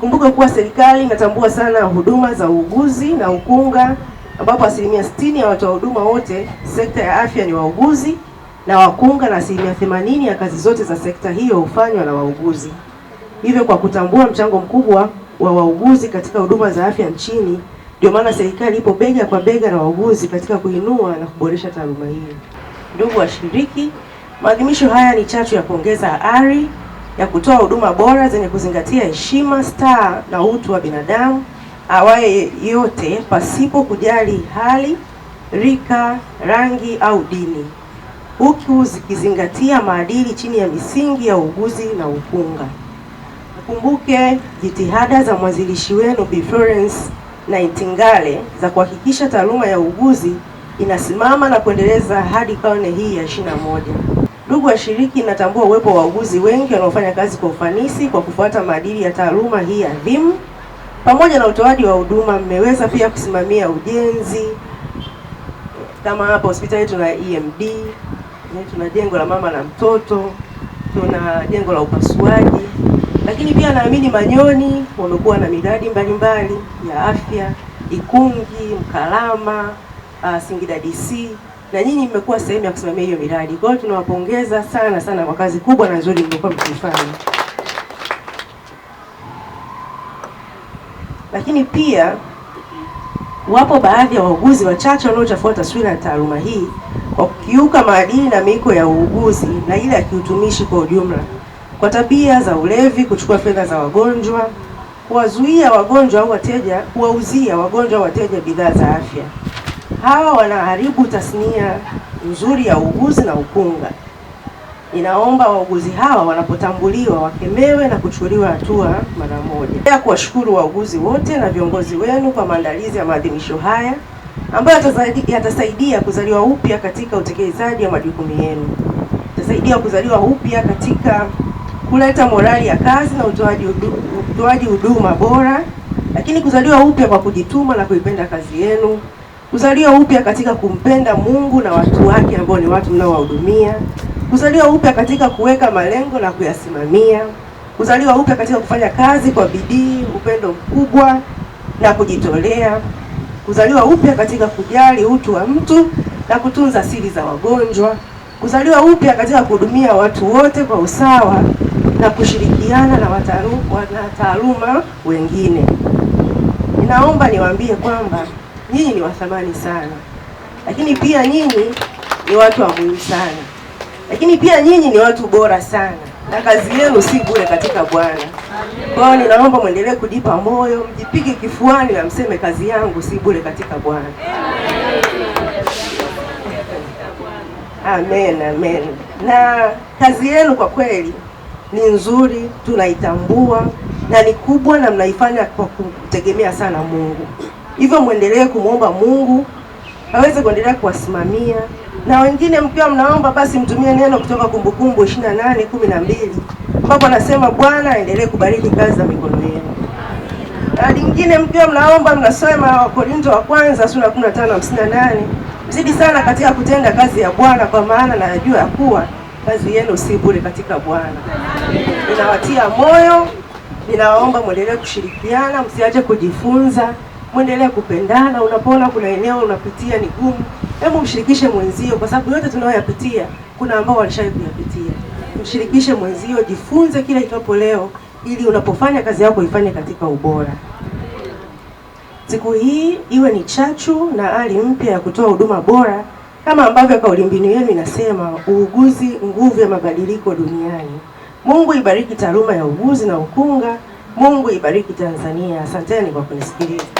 Tukumbuke kuwa serikali inatambua sana huduma za uuguzi na ukunga, ambapo asilimia sitini ya watoa huduma wote sekta ya afya ni wauguzi na wakunga, na asilimia themanini ya kazi zote za sekta hiyo hufanywa na wauguzi. Hivyo, kwa kutambua mchango mkubwa wa wauguzi katika huduma za afya nchini, ndio maana serikali ipo bega kwa bega na wauguzi katika kuinua na kuboresha taaluma hiyo. Ndugu washiriki, maadhimisho haya ni chachu ya kuongeza ari ya kutoa huduma bora zenye kuzingatia heshima, staa na utu wa binadamu awaye yote pasipo kujali hali, rika, rangi au dini, huku zikizingatia maadili chini ya misingi ya uuguzi na ukunga. Mkumbuke jitihada za mwanzilishi wenu Bi Florence Nightingale za kuhakikisha taaluma ya uuguzi inasimama na kuendeleza hadi karne hii ya ishirini na moja. Ndugu washiriki, natambua uwepo wa wauguzi wengi wanaofanya kazi kwa ufanisi kwa kufuata maadili ya taaluma hii adhimu. Pamoja na utoaji wa huduma, mmeweza pia kusimamia ujenzi kama hapa hospitali tuna EMD, eh, tuna jengo la mama na mtoto, tuna jengo la upasuaji, lakini pia naamini Manyoni wamekuwa na miradi mbalimbali ya afya, Ikungi, Mkalama, uh, Singida DC na nyinyi mmekuwa sehemu ya kusimamia hiyo miradi. Kwa hiyo tunawapongeza sana sana kwa kazi kubwa na nzuri mliokuwa mkifanya. Lakini pia wapo baadhi ya wauguzi wachache wanaochafua taswira ya taaluma hii kwa kukiuka maadili na miko ya uuguzi na ile ya kiutumishi kwa ujumla, kwa tabia za ulevi, kuchukua fedha za wagonjwa, kuwazuia wagonjwa au wateja, kuwauzia wagonjwa au wateja bidhaa za afya hawa wanaharibu tasnia nzuri ya uuguzi na ukunga. Inaomba wauguzi hawa wanapotambuliwa wakemewe na kuchukuliwa hatua mara moja. Kuwashukuru wauguzi wote na viongozi wenu kwa maandalizi ya maadhimisho haya ambayo yatasaidia kuzaliwa upya katika utekelezaji wa majukumu yenu, itasaidia kuzaliwa upya katika kuleta morali ya kazi na utoaji huduma bora, lakini kuzaliwa upya kwa kujituma na kuipenda kazi yenu kuzaliwa upya katika kumpenda Mungu na watu wake ambao ni watu mnaowahudumia, kuzaliwa upya katika kuweka malengo na kuyasimamia, kuzaliwa upya katika kufanya kazi kwa bidii, upendo mkubwa na kujitolea, kuzaliwa upya katika kujali utu wa mtu na kutunza siri za wagonjwa, kuzaliwa upya katika kuhudumia watu wote kwa usawa na kushirikiana na wanataaluma wengine. Ninaomba niwaambie kwamba nyinyi ni wathamani sana, lakini pia nyinyi ni watu wa muhimu sana, lakini pia nyinyi ni watu bora sana, na kazi yenu si bure katika Bwana. Kwa hiyo ninaomba mwendelee kujipa moyo, mjipige kifuani na mseme kazi yangu si bure katika Bwana. Amen, amen. Na kazi yenu kwa kweli ni nzuri, tunaitambua na ni kubwa, na mnaifanya kwa kutegemea sana Mungu. Hivyo mwendelee kumwomba Mungu aweze kuendelea kuwasimamia na wengine mkiwa mnaomba basi mtumie neno kutoka Kumbukumbu ishirini na nane kumi na mbili ambapo anasema Bwana aendelee kubariki kazi za mikono yenu. Na lingine mkiwa mnaomba mnasema Wakorinto wa kwanza sura ya kumi na tano hamsini na nane mzidi sana katika kutenda kazi ya Bwana, kwa maana najua ya kuwa kazi yenu si bure katika Bwana. Ninawatia moyo, ninawaomba mwendelee kushirikiana, msiache kujifunza mwendelee kupendana. Unapoona kuna eneo unapitia ni gumu, hebu mshirikishe mwenzio, kwa sababu yote tunayoyapitia kuna ambao walishawahi kuyapitia. Mshirikishe mwenzio, jifunze kila itapo leo, ili unapofanya kazi yako ifanye katika ubora. Siku hii iwe ni chachu na hali mpya ya kutoa huduma bora kama ambavyo kauli mbinu yenu inasema, uuguzi nguvu ya mabadiliko duniani. Mungu ibariki taaluma ya uuguzi na ukunga. Mungu ibariki Tanzania. Asanteni kwa kunisikiliza.